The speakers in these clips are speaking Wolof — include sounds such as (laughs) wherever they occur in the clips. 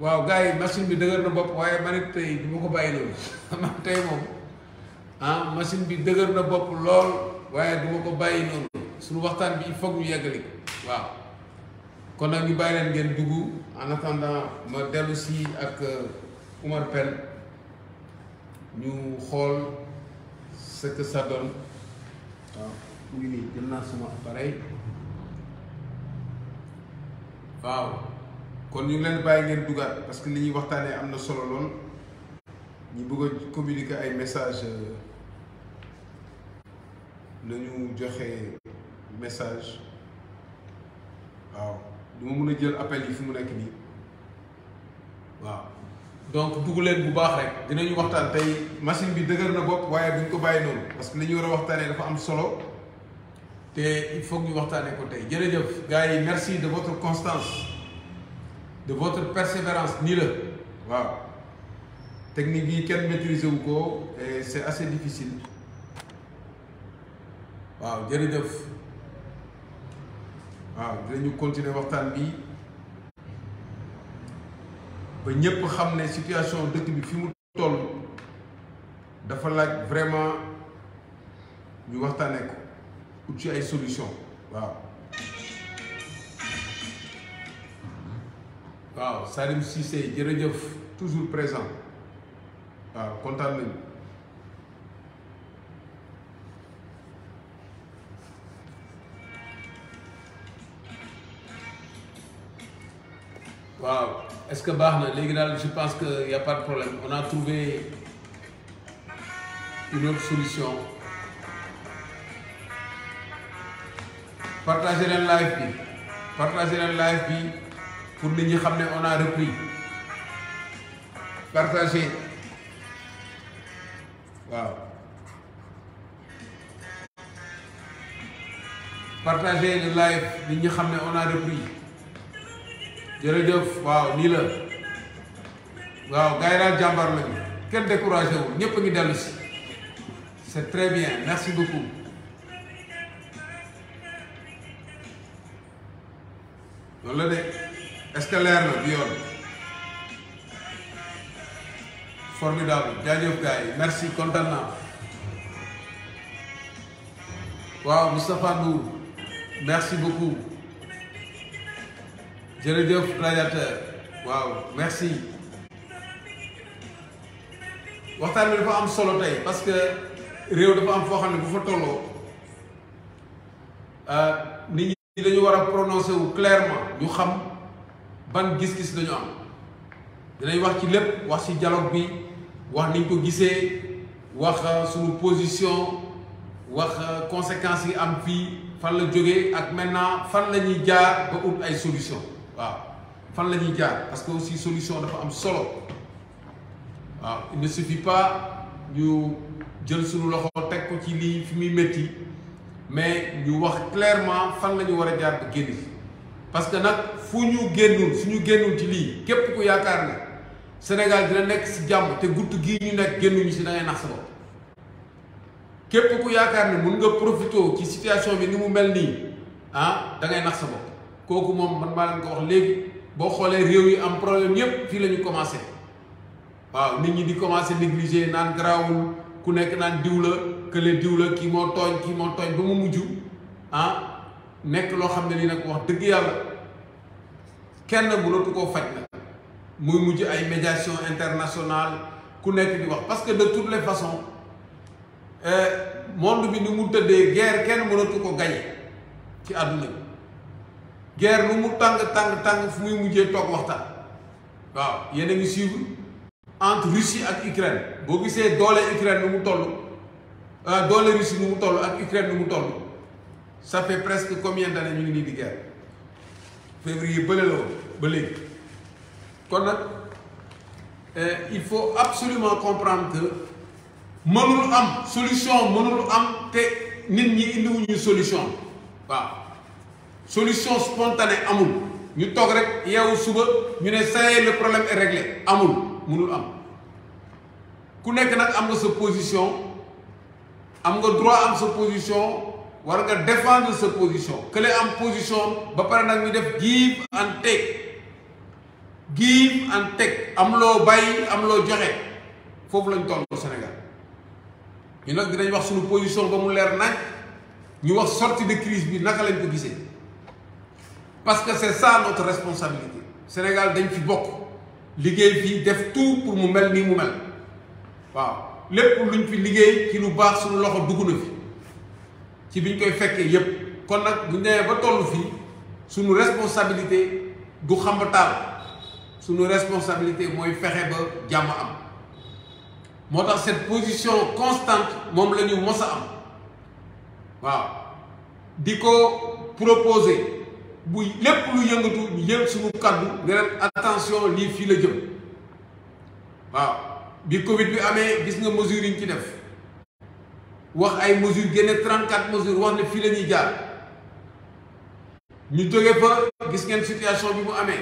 waaw gaa yi machine bi dëgër na bopp waaye man it tey ko bàyyi loolu (laughs) man tey moom ah, machine bi dëgër na bopp lool waaye du ma ko bàyyi noonu suñu waxtaan bi il faut ñu ko waaw kon nag ñu bàyyi leen ngeen dugg en attendant ma dellu si ak euh, Oumar Pène ñu xool ce que don donne naa sama waaw kon ñu ngi leen bàyyi ngeen dugaat parce que li ñuy waxtaanee am na solo lool ñu bëgg a ay message euh, nañu joxe message waaw du ma mën a jël appel yi fi mu nekk nii waaw donc dugg leen bu baax rek dinañu waxtaan tey machine bi dëgër na bopp waaye duñ ko bàyyi noonu parce que li ñu war a waxtaanee dafa am solo te il faut ñu waxtaanee ko tey jërëjëf gars yi merci de votre constance de votre persévérance nii la waaw technique yi kenn maîtriser wu ko et c'est assez difficile waaw jërëjëf waaw dinañu continuer waxtaan bi ba ñépp xam ne situation dëkk bi fi mu toll dafa laaj vraiment ñu waxtaanee ko ut ci ay solution waaw waaw Salim Cissé jërëjëf toujours présent waaw kontaan nañu waaw est-ce que baax na léegi daal je pense que y a pas de problème on a trouvé une autre solution partagez leen live bi partagez leen live pour nit ñi xam ne on a repris partagé waaw partagé le live nit ñi xam ne on a repris jërëjëf waaw nii la waaw gars yi daal jàmbaar lañu kenn découragé wu ñëpp a ngi dellu si c'est très bien merci beaucoup. loolu la de. est-ce que leer na bi yoon formidable jaajëf gars merci kontaan naa waaw Moustapha merci beaucoup jërëjëf radiateur waaw merci waxtaan bi dafa am solo tey parce que réew dafa am foo xam ne bu fa tolloo euh, nit ñi dañu war a prononcer wu ñu xam ban gis-gis la ñu am dinañ wax ci lépp wax ci dialogue bi wax niñ ko gisee wax euh, suñu position wax euh, conséquences yi am fii fan la jóge ak maintenant fan la ñuy jaar ba ut ay solution waaw fan la ñuy jaar parce que aussi solution dafa am solo waaw il ne suffit pas ñu jël suñu loxo teg ko ci lii fi muy métti mais ñu wax clairement fan la ñu war a jaar ba génn parce que nag fu ñu génnul ñu génnul ci lii képp ku yaakaar ne Sénégal dina nekk si jàmm te gutt gii ñu nekk génnuñu si da ngay nax sa bopp képp ku yaakaar ne mun nga profito ci situation bi ni mu mel nii ah da ngay nax sa bopp kooku moom man maa leen ko wax léegi boo xoolee réew yi am problème yépp fii la ñu commencé waaw nit ñi di commencé négligé naan garaawul ku nekk naan diw la kële diw la kii moo tooñ kii moo tooñ ba mu mujj ah nekk loo xam ne lii nag wax dëgg yàlla kenn mënatu koo faj la muy mujj ay médiation internationale ku nekk di wax parce que de toutes les façons euh, monde bi nu mu tëddee guerre kenn mënatu ko gañe ci àdduna bi guerre lu mu tàng tàng tàng fu muy mujjee toog waxtaan waaw yéen a ngi suivre entre Russie ak Ukraine boo gisee doole Ukraine nu mu toll euh, doole Russie nu mu toll ak Ukraine nu mu toll ça fait presque combien d'années ñu ngi nii di guerre février bële la woon ba léegi kon nag eh, il faut absolument comprendre que mënul am solution mënul am te nit ñi indiwuñu solution waaw solution spontanée amul ñu toog rek yeewu suba ñu ne ça le problème est réglé amul mënul am ku nekk nag am nga sa position am nga droit am sa position war nga défendre sa position kële am position ba pare nag ñu def give and take give and take am loo bàyyi am loo joxe foofu lañ toll Sénégal ñu nag dinañ wax suñu position ba mu leer nañ ñu wax sortie de crise bi naka lañ ko gisee parce que c'est ça notre responsabilité Sénégal dañ ci bokk liggéey fii def tout pour mu mel nii mu mel waaw lépp luñ fi liggéey ci lu baax suñu loxo dugg na fi ci biñ koy fekkee yépp kon nag bu ñu ba toll fii suñu responsabilité du xambataal suñu responsabilité mooy fexe ba jàmm am moo tax cette position constante moom lañu ñu am waaw di ko proposer bu lépp lu yëngatu ñu yëng suñu kàddu ne leen attention lii fii la jëm waaw bi Covid bi amee gis nga mesures yi ñu ci def wax ay mesures génne 34 mesures wax ne fii la ñuy jaar ñu jóge fa gis ngeen situation bi mu amee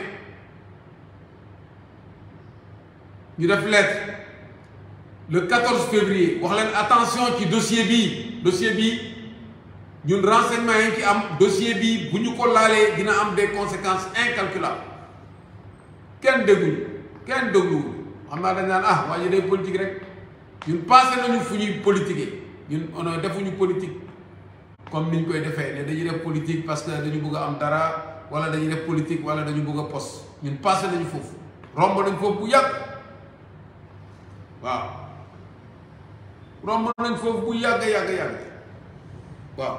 ñu def lettre le 14 février wax leen attention ci dossier bi dossier bii ñun renseignement yi ci am dossier bi bu ñu ko laalee dina am des conséquences incalculables kenn dégguñu kenn dégguwul xam naa dañ naan ah waa ji day politique rek ñun passé nañu fu ñuy politiquer ñun on defuñu politique comme niñ koy defee ne dañuy def politique parce que dañu bugg am dara wala dañu def politique wala dañu bugg a poste ñun passé nañu foofu romb nañ foofu bu yàgg waaw romb bu yàgg yàgg yàgg waaw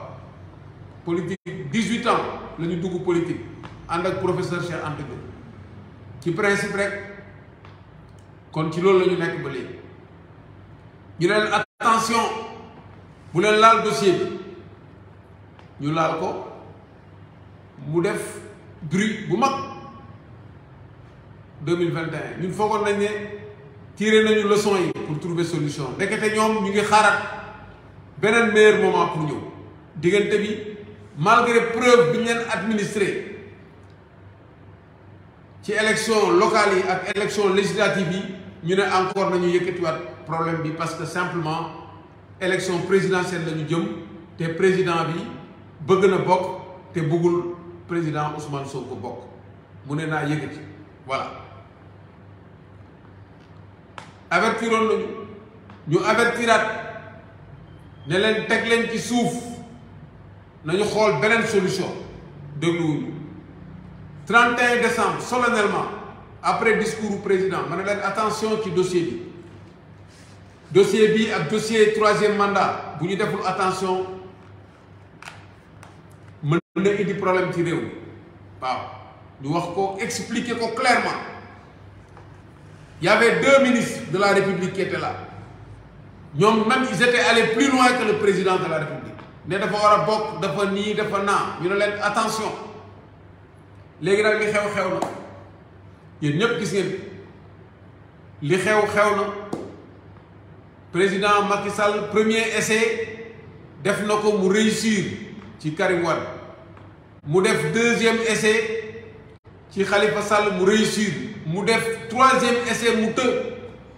politique dix-huit ans dugg politique ànd ak professeur Cheikh Anta Diop ci principe rek kon ci loolu lañu ñu nekk ba léegi ñu leen attention bu leen laal dossier bi ñu laal ko mu def bruit bu mag deux mille vingt et un ñun foogoon nañ ne tiré nañu leçon yi pour trouver solution ndekete ñoom ñu ngi xaarat beneen meilleur moment pour ñëw diggante bi malgré preuve bi ñu leen administré ci élection locale yi ak élection législative yi ñu ne encore nañu yëkkatiwaat problème bi parce que simplement élection présidentielle la ñu jëm te président bi bëgg na bokk te bëggul président Ousmane Sonko bokk mu ne naa yëkkati voilà avertiroon nañu ñu avertiraat ne leen teg leen ci suuf nañu xool beneen solution dégluwuñu 31 décembre solennellement après discours président ma ne leen attention ci dossier bi dossier bi ak dossier troisième mandat bu ñu deful attention mën na indi problème ci réew mi waaw ñu wax ko expliquer ko clairement il y avait deux ministres de la république qui étaient là ñoom même ils étaient allés plus loin que le président de la république ne dafa war a bokk dafa nii dafa naa ñu ne leen attention léegi nag xew xew na yéen ñépp gis ngeen li xew xew na président Macky Sall premier essai def na ko mu réussir ci Karim mu def deuxième essai ci Khalifa Sall mu réussir mu def troisième essai mu të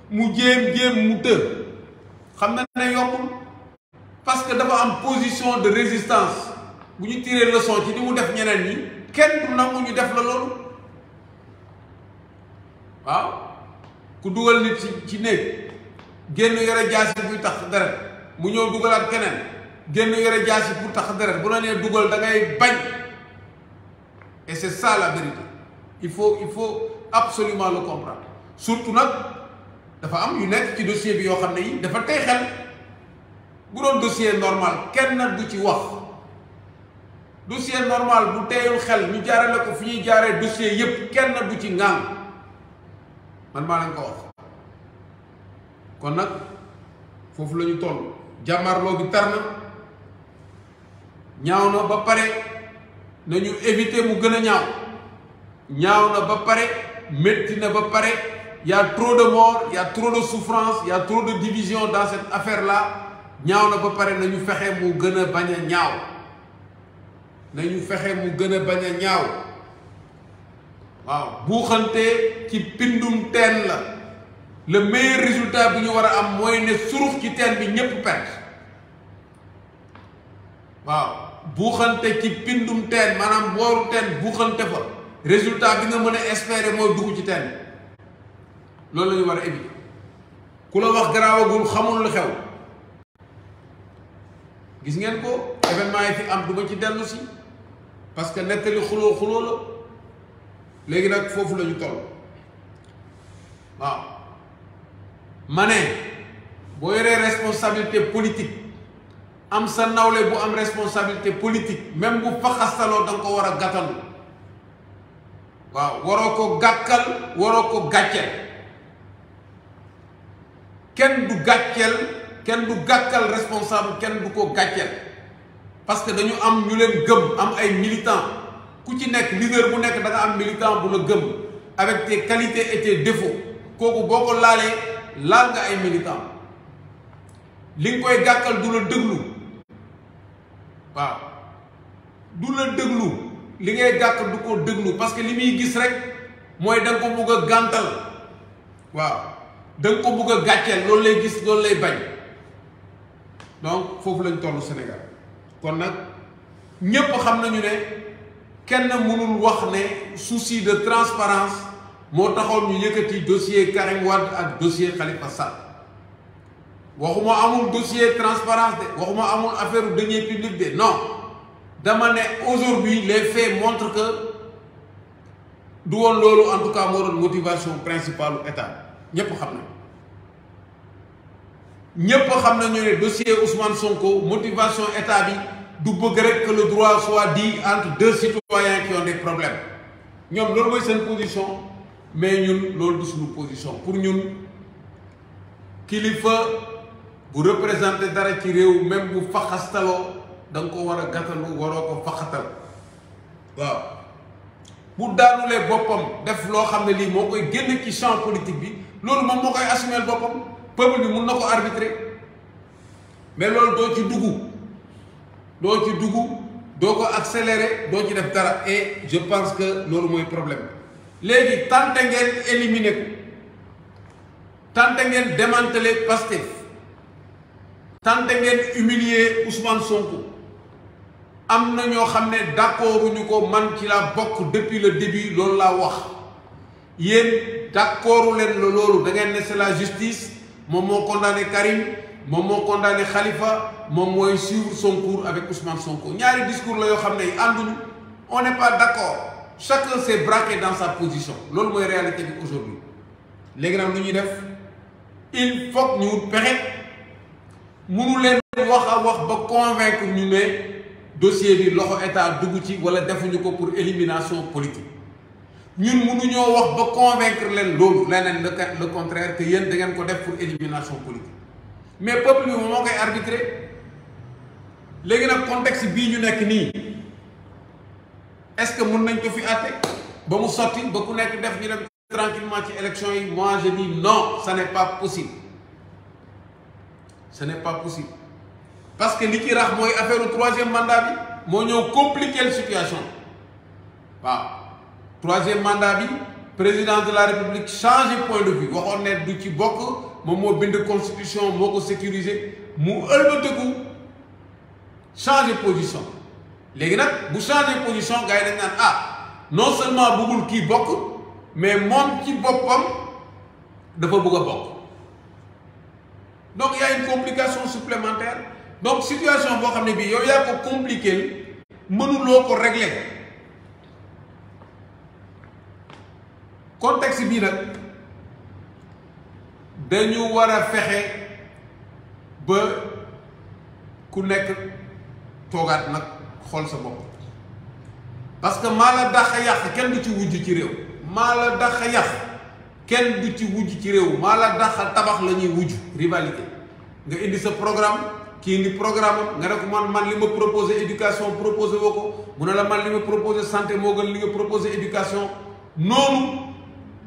mu jéem jéem mu të xam na ne yombul parce que dafa am position de résistance bu ñu tiree leçon ci ni mu def ñeneen ñi kenn du nangu ñu def la loolu waaw ku dugal nit ci ci néeg génn yore jaasi buy tax deret mu ñëw dugalaat keneen génn yore jaasi pour tax deret bu na nee dugal da ngay bañ et c'est ça la vérité il faut il faut absolument le comprendre surtout nag dafa am yu nekk ci dossier bi yoo xam ne yi dafa tey xel bu doon dossier normal kenn nag du ci wax dossier normal bu teyul xel ñu jaarale ko fu ñuy jaaree dossier yépp kenn du ci ngang man maa lañ ko wax kon nag foofu la ñu toll jàmmarloo bi tar na ñaaw na ba pare nañu éviter mu gën a ñaaw ñaaw na ba pare métti na ba pare y a trop de morts y a trop de souffrance y a trop de division dans cette affaire la ñaaw na ba pare nañu fexe mu gën a bañ a ñaaw nañu fexe mu gën a bañ a ñaaw waaw buuxante ci pindum teen la le meilleur résultat bu ñu war a am mooy ne surux ci teen bi ñépp perte waaw buuxante ci pindum teen maanaam booru teen buuxante fa résultat bi nga mën a espérer mooy dugg ci teen bi loolu la war a éviter ku la wax garaawagul xamul lu xew gis ngeen ko événement yi fi am du ci dellu si parce que nettali xuloo xuloo la léegi nag foofu lañu ñu waaw ma ne boo yoree responsabilité politique am sa nawle bu am responsabilité politique même bu faxastaloo da nga ko war a gàttal waaw waroo ko gàkkal waroo ko gàcceel kenn du gàcceel kenn du gàkkal responsable kenn du ko gàcceel parce que dañu am ñu leen gëm am ay militant ku ci nekk leader bu nekk da am militant bu la gëm avec tes qualités et tes kooku boo ko laalee laal nga ay militant li nga koy gàkkal du la déglu waaw du la déglu li ngay gàkkal du ko déglu parce que li muy gis rek mooy da ko bugg gàntal waaw da ko bugg a gàcceel loolu lay gis loolu lay bañ donc foofu lañ tollu Sénégal kon nag ñépp xam nañu ne kenn mënul wax ne souci de transparence moo taxoon ñu yëkkati dossier Karim Wade ak dossier Khalifa Sall waxuma amul dossier transparence de waxuma amul affaire deniers publics de non dama ne aujourd'hui les faits montre que du woon loolu en tout cas moo doon motivation principale u ñépp xam na ñépp xam nañu ne dossier Ousmane Sonko motivation état bi du bëgg rek que le droit soit dit entre deux citoyens qui ont des problèmes ñoom loolu mooy seen position mais ñun loolu du suñu position pour ñun kilifa bu représenter dara ci réew même bu faxastaloo da nga ko war a gàttalu waroo ko faxatal waaw bu daanulee boppam def loo xam ne li moo koy génn ci champ politique bi loolu moom moo koy assumeel boppam peuple bi mun na ko arbitrer mais loolu doo ci dugg doo ci dugg doo ko accélérer doo ci def dara et je pense que loolu mooy problème léegi tante ngeen éliminer ko tante ngeen démanteler Pastef tante ngeen humilier Ousmane Sonko am na ñoo xam ne d'accorduñu ko man ci la bokk depuis le début loolu laa wax yéen d'accordu la loolu da ngeen ne c'est la justice moom moo condamné Karim moom moo condamné Khalifa moom mooy suivre son cours avec Ousmane Sonko ñaari discours la yoo xam ne yi ànduñu on n'est chacun s'est braqué dans sa position loolu mooy réalité bi aujourd'hui léegi nag lu ñuy def il faut que ñu wut pexe mënu leen wax a wax ba convaincre ñu ne dossier bi loxo état dugg ci wala defuñu ko pour élimination politique ñun mënuñoo wax ba convaincre leen loolu leneen le contraire que yéen da ngeen ko def pour élimination politique mais peuple bi moo koy arbitré léegi nag contexte bii ñu nekk nii est-ce que mun nañ ko fi àtte ba mu sotti ba ku nekk def ñu dem tranquillement ci élection yi moi je dis non ça n'est pas possible ce n'est pas possible parce que li ci rax mooy affaire troisième mandat bi moo ñëw compliquer situation waaw troisième mandat bi président de la république changé point de vue waxoon ne du ci bokk moom moo bind constitution moo ko sécuriser mu ëlbatiku changé position léegi nag bu changé position gars yi dañ naan ah non seulement bëggul kii bokk mais moom ci boppam dafa bëgg a bokk donc y une complication supplémentaire donc situation boo xam ne bii yow yaa ko compliqué mënuloo ko régler contexte bii nag dañu war fexe ba ku nekk toogaat nag. xool sa bopp parce que maa la dax yàq kenn du ci wujj ci réew maa la dax a yàq kenn du ci wujj ci réew maa la dax tabax la ñuy wujj rivalité nga indi sa programme kii indi programme nga ne ko man man li ma proposé éducation proposé woo ko mu ne la man li ma proposé santé moo gën li nga proposé éducation noonu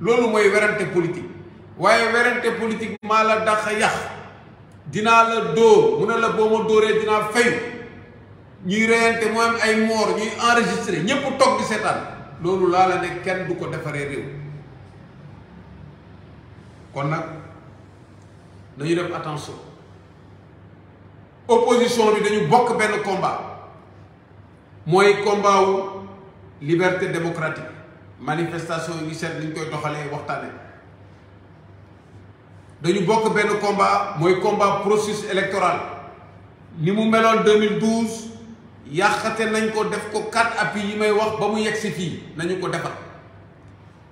loolu mooy werante politique waaye werante politique maa la dax a yàq dinaa la dóor mu ne la boo ma dóoree dinaa fayu ñuy reyante mu am ay moor ñuy enregistré ñëpp toog di seetaan loolu laa la ne kenn du ko defaree réew kon nag nañu def attention opposition bi dañu bokk benn combat mooy combat wu liberté démocratique manifestation yi seet koy doxalee waxtaane dañu bokk benn combat mooy combat processus électoral ni mu meloon yàqate nañ ko def ko quatre appuis yi may wax ba mu yegg si fii nañu ko defar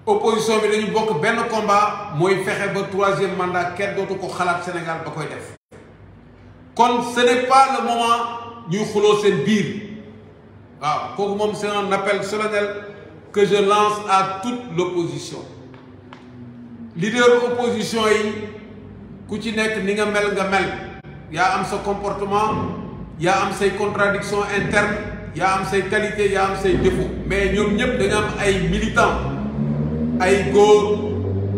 opposition bi dañu bokk benn combat mooy fexe ba troisième mandat kenn dootu ko xalaat Sénégal ba koy def kon ce la pas moment ñuy xuloo seen biir waaw kooku moom c'est un appel solennel que je lance à tout l'opposition leader opposition yi ku ci nekk ni nga mel nga mel yaa am sa comportement yaa am say contradiction interne yaa am say qualité yaa am say défaut mais ñoom ñëpp dañu am ay militant ay góor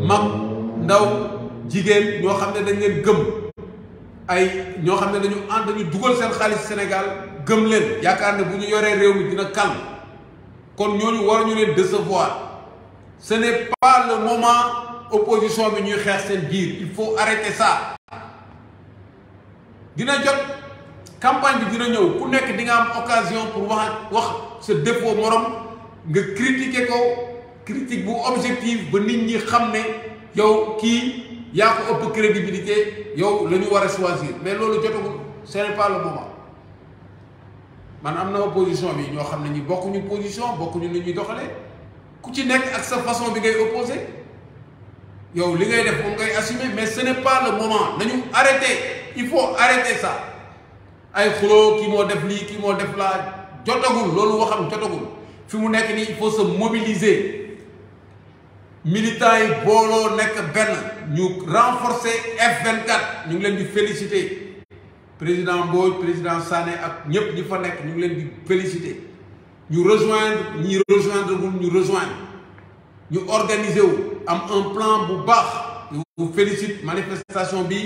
mag ndaw jigéen ñoo xam ne dañ leen gëm ay xam ne dañu ànd dañu dugal seen xaalis Sénégal gëm leen yaakaar ne bu ñu yoree réew mi dina calme kon ñooñu war ñu leen décevoir ce n'est pas le moment opposition bi ñuy xeex seen biir il faut arrêter ça dina jot campagne bi dina ñëw ku nekk di nga am occasion pour wax ak wax sa défaut morom nga critiquer ko critique bu objectif ba nit ñi xam ne yow kii yaa ko ëpp crédibilité yow lañu ñu war a choisir mais loolu jotagul ce n'est pas le moment man am na opposition bi ñoo xam ne ñi bokkuñu position bokkuñu ni ñuy doxalee ku ci nekk ak sa façon bi ngay opposé yow li ngay def moom ngay assumer mais ce n'est pas le moment nañu arrêter il faut arrêter sax ay xuloo kii moo def lii kii moo def laa jotagul loolu waxam jotagul fi mu nekk nii il faut se mobiliser militants yi booloo nekk benn ñu renforcer F24 ñu ngi leen di féliciter président Mbodj président Sané ak ñëpp ñi fa nekk ñu ngi leen bi féliciter ñu rejoindre ñi rejoindre wul ñu rejoindre ñu organiser wu am un plan bu baax ñu félicite manifestation bi.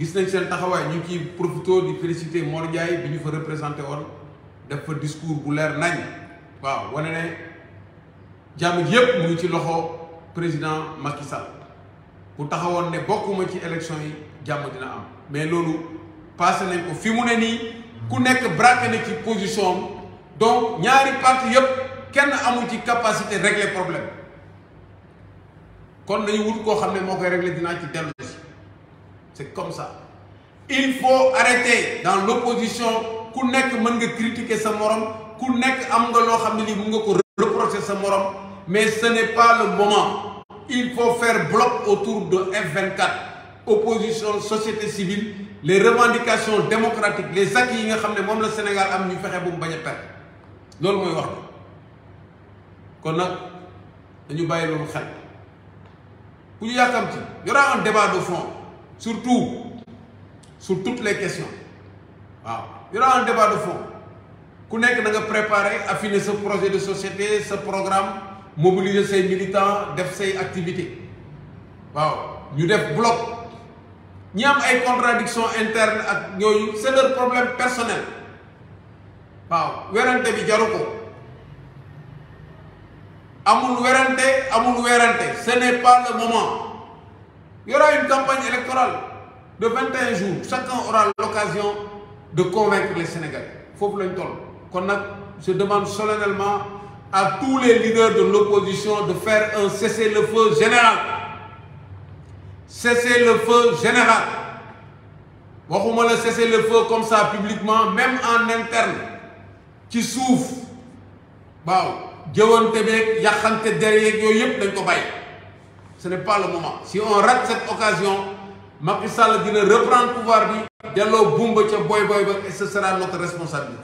gis nañ seen taxawaay ñu ngi ciy di félicité Mor Ndiaye bi ñu fa représenté woon def fa discours bu leer nañ waaw wane ne jàmm ji yëpp mu ngi ci loxo président Macky Sall bu taxawoon ne bokkuma ci élection yi jàmm dina am mais loolu passé nañ ko fi mu ne nii ku nekk braqué na ci position am donc ñaari parti yëpp kenn amul ci capacité régler problème kon nañu wut koo xam ne moo koy régler dinaa ci dellu c'est comme ça il faut arrêter dans l'opposition ku nekk mën nga critiquer sa morom ku nekk am nga loo xam ne lii mën nga ko reprocher sa morom mais ce n'est pas le moment il faut faire bloc autour de F24 opposition société civile les revendications démocratiques les acquis yi nga xam ne moom la Sénégal am ñu fexe bu mu bañ a perte loolu mooy wax bi kon nag dañu bàyyi loolu xel ku ñu yàkkamti y aura un débat de fond surtout sur toutes les questions waaw il y aura un de foofu ku nekk da nga préparer affiner sa projet de société sa programme mobiliser say militants def say activités waaw ñu def bloc ñam ay contradiction interne ak ñooñu c'est leur problème personnel waaw werante bi jaru ko amul werante amul werante ce n'est pas le moment Il y aura une campagne électorale de 21 jours. Chacun aura l'occasion de convaincre les Sénégalais. Faut kon nag je demande solennellement à tous les leaders de l'opposition de faire un cessez-le-feu général. Cessez-le-feu général. Waxuma la cessez-le-feu comme ça publiquement même en interne ci suuf waaw jëwante beeg yàqante der yeeg yooyu yëpp dañ ko bàyyi. ce n'est pas le moment si on rate cette occasion Macky Sall dina reprendre pouvoir bi delloo bumba ca boy boy ba et ce sera notre responsabilité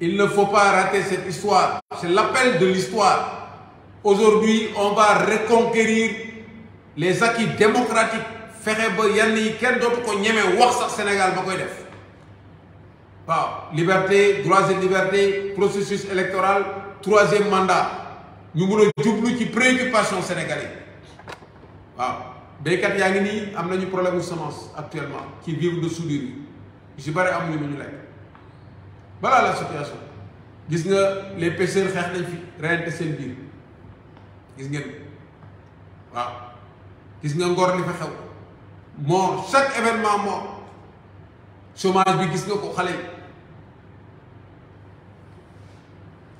il ne faut pas rater cette histoire c'est l'appel de l'histoire aujourd'hui on va reconquérir les acquis démocratiques fexe ba yenn yi kenn dootu ko ñeme wax sax Sénégal ba koy def waaw liberté droits et processus électoral troisième mandat ñu mun a jublu ci préoccupation sénégalais waaw béykat yaa ngi nii am nañu problème mu semence actuellement ci vivre de soudure yi bari bëri amuñu lu ñu lekk balaa la situation gis nga les pêcheurs xeex nañ fi reyante seen biir gis ngeen waaw gis nga ngor li fa xew moo chaque événement moo chômage bi gis nga ko xale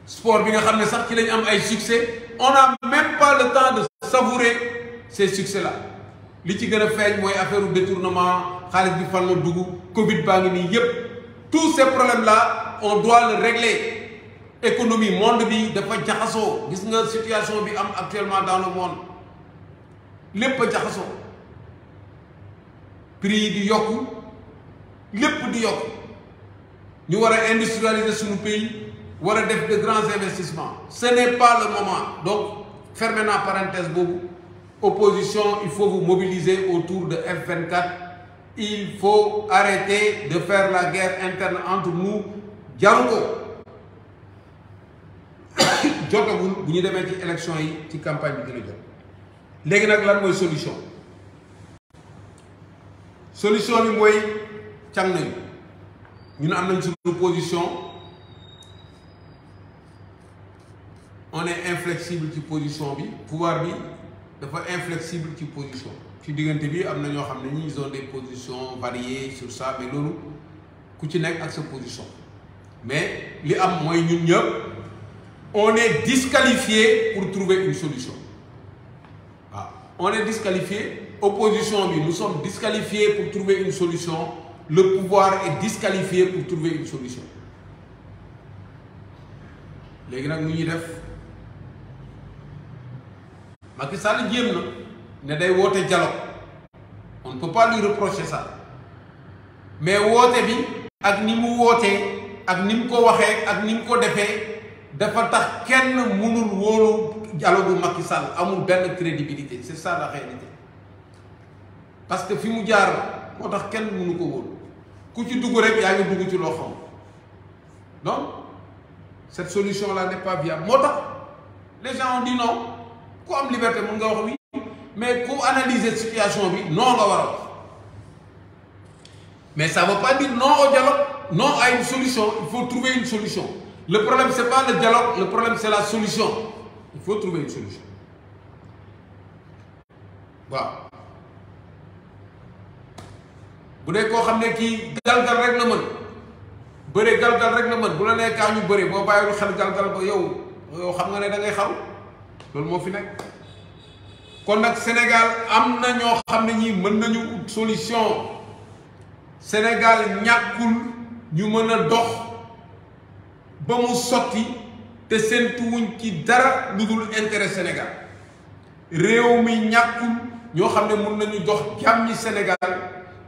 sport bi nga xam ne sax ci lañu am ay succès on n'a même pas le temps de savourer ces succès la li ci gën a feeñ mooy affaire u détournement xaalis bi fan la dugg Covid baa ngi nii yépp tous ces problèmes là on doit le régler économie monde bi dafa jaxasoo gis nga situation bi am actuellement dans le monde lépp a jaxasoo prix yi di yokku lépp di yokku ñu war a industrialiser suñu pays war a def de grands investissement ce n'est pas la moment donc fermé naa parenthèse boobu opposition il faut vous mobiliser autour de F24 il faut arrêter de fair la guerre interne entre nous jaru ko (coughs) jotagul bu ñu demee ci élection yi ci campagne bi gën jot léegi nag lan mooy solution solution bi mooy càng nañu ñun am nañ suñu position on est inflexible ci position bi pouvoir bi dafa inflexible ci position ci diggante bi am na ñoo xam ne ñi ils ont des positions variées sur ça mais loolu ku ci nekk ak sa position mais li am mooy ñun ñëpp on est disqualifié pour trouver une solution waaw on est disqualifié opposition bi nous sommes disqualifiés pour trouver une solution le pouvoir est disqualifié pour trouver une solution léegi nag mu ñuy def Macky Sall jéem na ne day woote dialogue on ne peut pas reprocher ça mais woote bi ak ni mu wootee ak ni mu ko waxee ak ni mu ko defee dafa tax kenn mënul wóolu dialogue Macky Sall amul benn crédibilité c'est ça la réalité parce que fi mu jaar moo tax kenn mënu ko wóolu ku ci dugg rek yaa ngi ci loo xam donc cette solution là n'est pas viable moo tax les gens ont dit ku am liberté mun nga wax oui mais ku analyser situation bi non nga war a mais ça veut pas dire non au dialogue non une solution il faut trouver une solution le problème c'est pas le dialogue le problème c'est la solution il faut trouver une solution waaw bu dee koo xam ne kii galgal rek la mën bëre galgal rek la mën bu la nekkaa ñu bëre boo bàyyiwul xel galgal ba yow yow xam nga ne da ngay loolu moo fi nekk kon nag Sénégal am na ñoo xam ne ñi mën nañu solution Sénégal ñàkkul ñu mën a dox ba mu sotti te séentuwuñ ci dara lu intére intérêt Sénégal réew mi ñàkkul ñoo xam ne mën nañu dox jàmmi Sénégal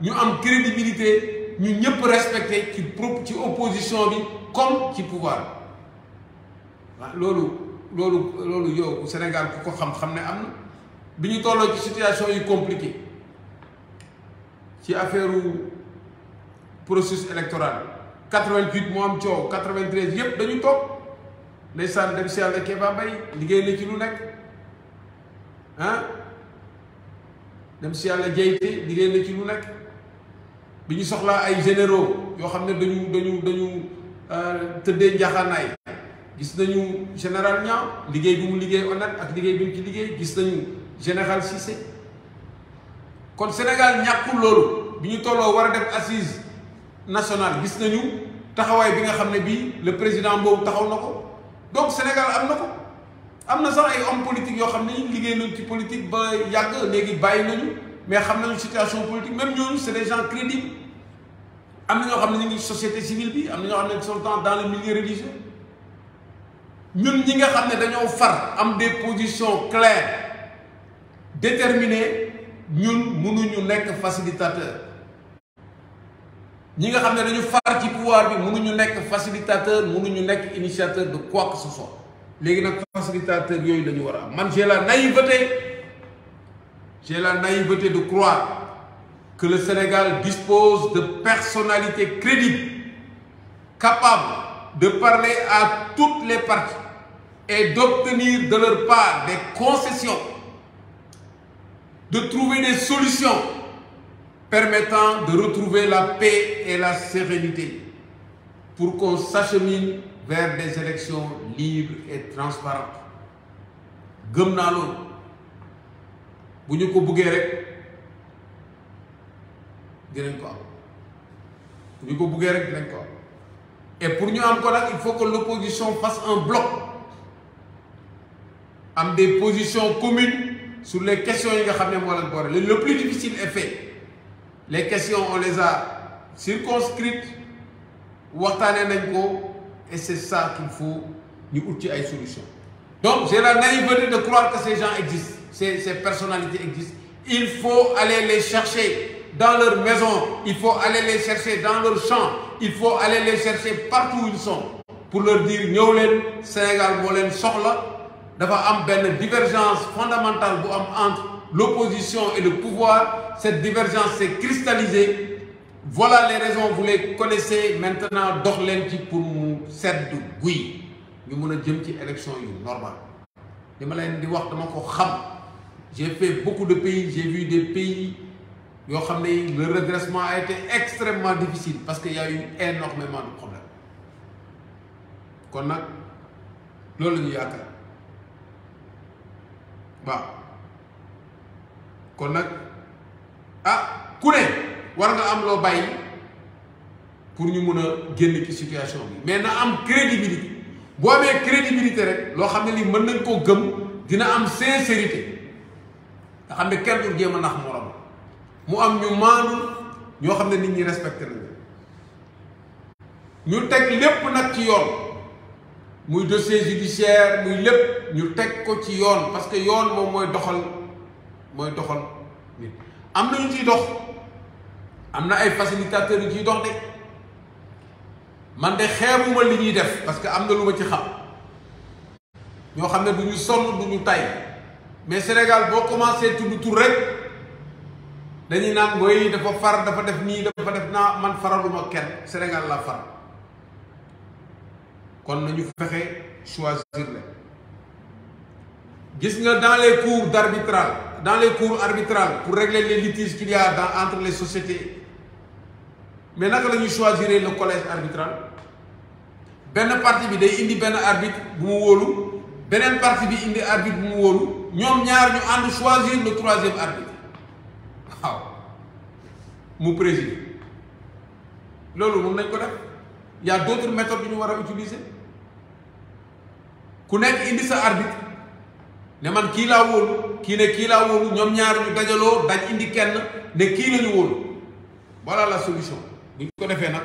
ñu am crédibilité ñu ñëpp respecté ci pro ci opposition bi comme ci pouvoir waaw loolu. loolu loolu yow Sénégal ku ko xam xam ne am na bi ñu tolloo ci situation yu compliqué ci affaire processus électoral 88 moo am coow 93 yëpp dañu toog ndeysaan dem si yàlla Kéba Mbaye liggéey na ci lu nekk ah dem si yàlla Diayte liggéey na ci lu nekk bi ñu soxlaa ay généraux yoo xam ne dañu dañu dañu euh, tëddee njaxaanaay gis nañu général Niang liggéey bi mu liggéey honnête ak liggéey bi mu ci liggéey gis nañu général si Cissé kon Sénégal ñàkkul loolu bi ñu tolloo war a def assise nationale gis nañu taxawaay bi nga xam ne bii le président boobu taxaw na ko donc Sénégal am na ko am na sax ay hommes politiques yoo xam ne liggéey nañu ci politique ba yàgg léegi bàyyi nañu mais xam nañu situation politique même ñooñu c'est des gens am na ñoo xam ne ñu ngi société civile bi am ñoo xam ne ils sont dans le milieu ñun ñi nga xam ne dañoo far am des positions claires déterminées ñun mënuñu nekk facilitateur ñi nga xam ne dañu far ci pouvoir bi mënuñu nekk facilitateur mënuñu nekk initiateur de quoi que ce soit léegi nag facilitateur yooyu lañu ñu war a am man j'ai la naïveté j'ai la naïveté de croire que le Sénégal dispose de personnalités crédibles capables de parler à toutes les parties et d'obtenir de leur part des concessions, de trouver des solutions permettant de retrouver la paix et la sérénité pour qu'on s'achemine vers des élections libres et transparentes gëm naa loolu bu ñu ko buggee rek ko am ko buggee rek dinañ ko et pour ñu am ko nag il faut que l'opposition fasse un bloc am des positions communes sur les questions yi nga xam ne moo leen boole le plus difficile est fait les questions on les a circonscrites waxtaanee nañ ko et c'est ça qu'il faut ñu ut ci ay solutions. donc j'ai la naïveté de croire que ces gens existent ces ces personnalités existent il faut aller les chercher dans leur maison il faut aller les chercher dans leur champ il faut aller les chercher partout ils sont pour leur dire ñëw leen Sénégal moo leen soxla. dafa am benn divergence fondamentale bu am entre l'opposition et le pouvoir cette divergence s'est cristallisée voilà les raisons vous les connaissez maintenant dox leen ci pour mu sedd guy ñu mën a jëm ci élection yu normal li di wax dama ko xam j'ai fait de pays j'ai vu des pays yoo xam ne le redressement a été extrêmement difficile parce que y a eu énormément de problèmes kon nag loolu la ñu yaakaar waaw kon nag ah ku ne war nga am loo bàyyi pour ñu mun a génn ci situation bi mais na am crédibilité boo amee crédibilité rek loo xam ne ni mën nañ koo gëm dina am sincérité nga xam ne kenn du jéem a nax morom mu am ñu maanu ñoo xam ne nit ñi respecté nañu ñu teg lépp nag ci yoon. muy dossier judiciaire muy lépp ñu teg ko ci yoon parce que yoon moom mooy doxal mooy doxal am na ñu ciy dox am na ay facilitateurs yu ciy dox de man de xeebuma li ñuy def parce que am na lu ma ci xam ñoo xam ne du ñu sonn du ñu tay mais Sénégal boo commencé tudd tur rek dañuy naan mooy dafa far dafa def nii dafa def naa man faraluma kenn Sénégal la far kon nañu fexe choisir leen gis nga dans les cours d'arbitral dans les cours arbitral pour régler les litiges qu'il y a dans entre les sociétés mais naka la ñuy choisir le collège arbitral benn parti bi day indi benn arbitre bu mu wóolu beneen parti bi indi arbitre bu mu wóolu ñoom ñaar ñu ànd choisir le troisième arbitre waaw mu présider loolu moom nañ ko def y a d'autres yu ñu war a utiliser ku nekk indi sa arbitre ne man kii laa wóolu kii ne kii laa wóolu ñoom ñaar ñu dajaloo daj indi kenn ne kii lañu wóolu voilà la solution bu ko defee nag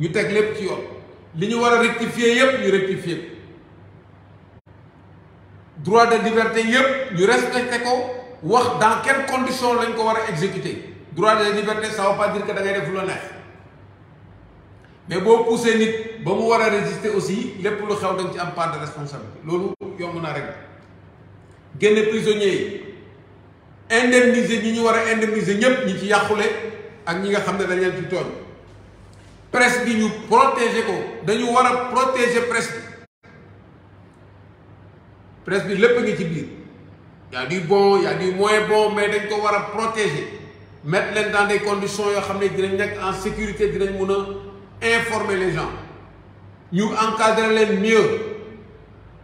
ñu teg lépp ci yoon li ñu war a rectifier yépp ñu rectifier ko droit de liberté yépp ñu respecté ko wax dans quelles condition lañ ko war a exécuter droit de liberté sa veut pas dire que neex mais boo poussé nit ba mu war a résister aussi lépp lu xew dañ ci am part de responsabilité loolu yomb naa rek génne prisonnier yi indemniser ñi ñu war a indemniser ñëpp ñu ci yàqule ak ñi nga xam ne dañ leen ci tooñ presse bi ñu protéger ko dañu war a protéger presse bi presse bi lépp ngi ci biir y a du bon y a du moins bon mais dañ ko war a protéger mettre leen dans des conditions yoo xam ne dinañ nekk en sécurité dinañ mun a informe les gens ñu encadrer leen mieux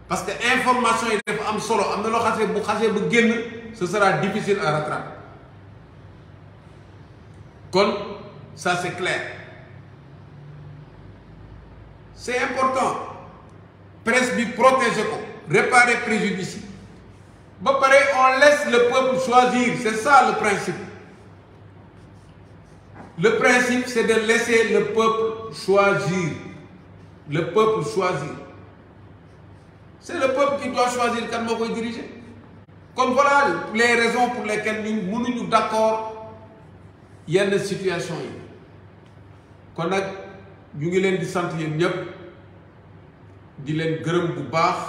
parce que information yi dafa am solo am na loo xasee bu xasee bu génn ce sera difficile à rattraper kon ça c'est clair c'est important presse bi protéger ko réparer préjudice ba pare on laisse le peuple choisir c'est ça le principe Le principe, c'est de laisser le peuple choisir. Le peuple choisir. C'est le peuple qui doit choisir kan moo koy diriger. Comme voilà les raisons pour lesquelles ñu mënuñu d'accord yenn situation yi kon nag ñu ngi leen di sant yéen ñépp di leen gërëm bu baax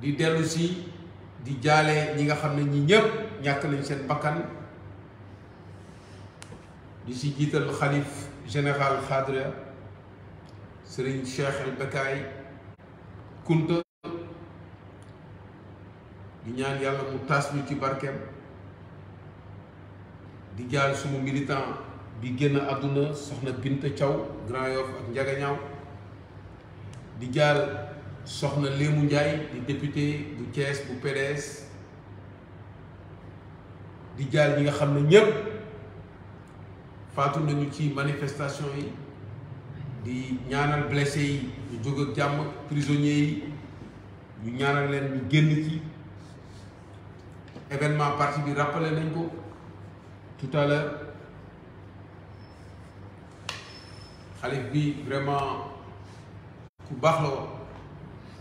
di dellu si di jaale ñi nga xam ne ñii ñépp ñàkk nañ seen bakkan di si jiital xalif général xadra sëriñ Cheikh El Bakaay Kunta di ñaan yàlla mu taas ñu ci barkeem di jaal sumu militant bi génn àdduna soxna bint Thiaw Grand Yoff ak Njagañaaw di jaal soxna Léemu Ndiaye di député bu Thiès bu PDS di jaal ñi nga xam ne ñépp faatu nañu ci manifestation yi di ñaanal blessé yi ñu jóg ak jàmm prisonniers yi ñu ñaanal leen ñu génn ci événement partie bi rappelé nañ ko tout xalif bi vraiment ku baax la woon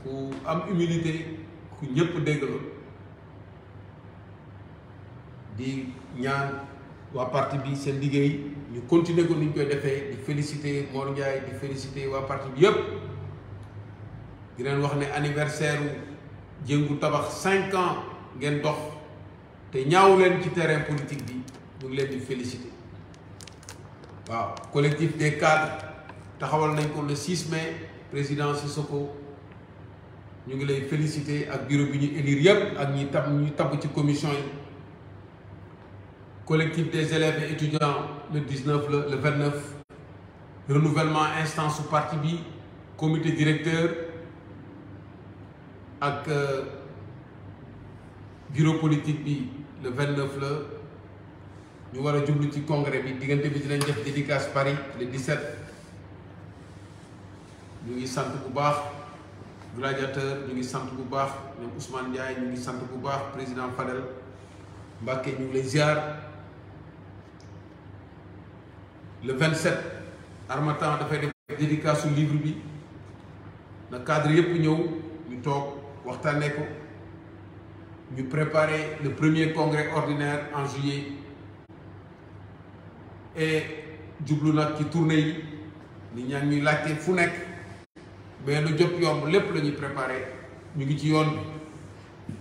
ku am humilité ku ñëpp dégg la di ñaan waa parti bi seen liggéey ñu continuer ko ni ñu koy defee di féliciter Mor Ndiaye di féliciter waa parti bi yëpp di leen wax ne anniversaire jëngu tabax cinq ans ngeen dox te ñaaw leen ci terrain politique bi ñu ngi leen di féliciter waaw collectif des cadres taxawal nañ ko le 6 mais président Sissoko ñu ngi lay féliciter ak bureau bi ñu élire yëpp ak ñi tab ñuy tab ci commission yi. collectif des élèves et étudiants le 19 le le 29 renouvellement instance su parti bi comité directeur ak euh, bureau politique bi le 29 la ñu war a jublu ci congrès bi diggante bi dinañ def dédicace Paris le 17 ñu ngi sant bu baax gladiateur ñu ngi sant bu baax même Ousmane Ndiaye ñu ngi sant bu baax président Fadel Mbacké ñu ngi lay le 27 Harmattan dafay def dédicace su livre bi na cadre yëpp ñëw ñu toog waxtaanee ko ñu préparer le premier congrès ordinaire en juillet et jublu nag ci tournée yi nit ñaa ngi ñuy laajte fu nekk mais lu jot yomb lépp lañuy ñuy ñu ngi ci yoon bi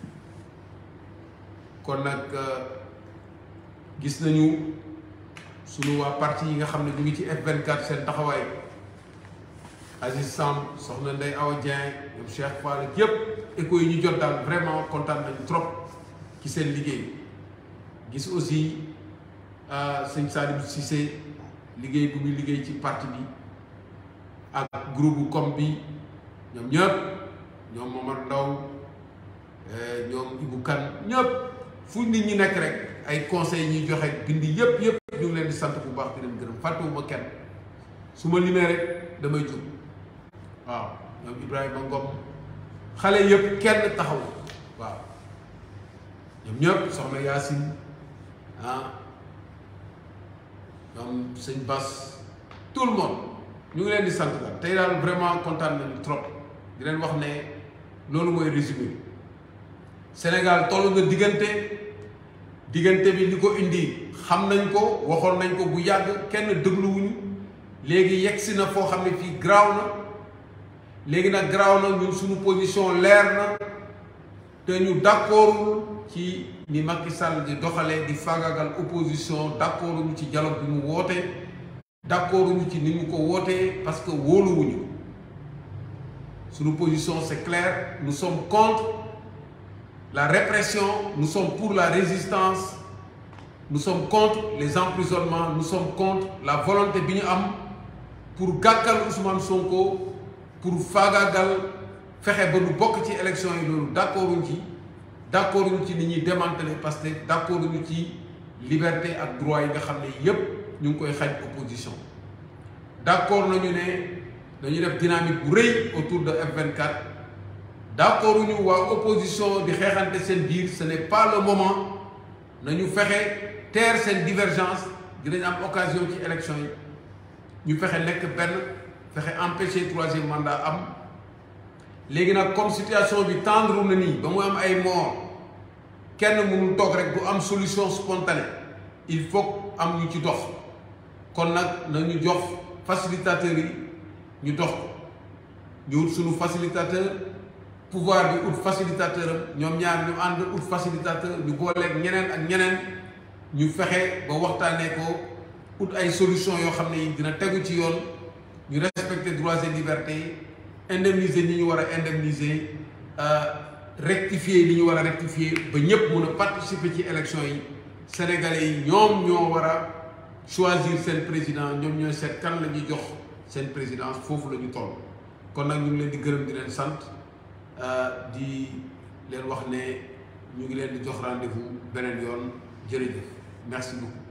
kon nag euh, gis nañu. suñu waa parti yi nga xam ne ñu ngi ci F24 seen taxawaay Aziz Samb soxna Ndeye Awa Dieng ñoom Cheikh Fall yëpp écho yi ñu jot daal vraiment kontaan nañu trop ci seen liggéey gis aussi euh, sëñ Sadibou liggéey bu muy liggéey ci parti bi ak groupe com bi ñoom ñëpp ñoom Momar Ndaw euh, ñoom Ibou Kane ñëpp fu nit ñi nekk rek. ay conseil ñuy joxe bind yëpp yëpp ñu leen di sant bu baax di leen gërëm fàttewuma kenn su ma limee damay jub waaw ñoom Ibrahima Ngom xale yëpp kenn taxaw waaw ñoom ñëpp soxna Yaasin ah ñoom sëñ Bas tout le ñu ngi leen di sant daal tey daal vraiment kontaan nañu trop di leen wax ne loolu mooy résumé Sénégal toll na diggante. diggante bi li ko indi xam nañ ko waxoon nañ ko bu yàgg kenn dégluwuñu léegi yegg si na foo xam ne fii graaw na léegi nag graaw na ñun suñu position leer na te ñu d'accordul ci ni Macky Sall di doxalee di faagagal opposition d'accorduñu ci dialogue bi mu woote d'accorduñu ci ni ñu ko wootee parce que wóoluwuñu suñu position c'est clair nous sommes la répression, nous sommes pour la résistance, nous sommes contre les emprisonnements, nous sommes contre la volonté bi ñu am pour gàkkal Ousmane Sonko pour faagaagal fexe ba lu bokk ci élection yi loolu d'accorduñ ci d'accorduñ ci ni ñuy démanteler parce que d'accorduñ ci liberté ak droit yi nga xam ne yépp ñu ngi koy xaj opposition d'accord nañu ne dañuy def dynamique bu rëy autour de F24 d'accord ñu waa opposition di xeexante seen biir ce n'est pas le moment nañu fexe teer seen divergence dinañ am occasion ci élection yi ñu fexe nekk benn fexe empêcher troisième mandat am léegi nag comme situation bi tendre na nii ba mu am ay mort kenn mënul toog rek bu am solution spontanée il faut am ñu ci dox kon nag nañu jox facilitateur yi ñu dox ñu suñu sunu facilitateur pouvoir bi ut facilitateur am ñoom ñaar ñu ànd ut facilitateur ñu booleeg ñeneen ak ñeneen ñu fexe ba waxtaanee ko ut ay solution yoo xam ne dina tegu ci yoon ñu respecter droits et libertés yi indemniser ñi ñu war a indemniser euh, rectifier li ñu war a rectifier ba ñëpp mun a participer ci élection yi sénégalais yi ñoom ñoo war a choisir seen président ñoom ñooy seet kan la ñuy jox seen présidence foofu la ñu toll kon nag ñu ngi leen di gërëm di leen sant. Euh, di leen wax ne ñu ngi leen di jox rendez beneen yoon jërëjëf merci beaucoup.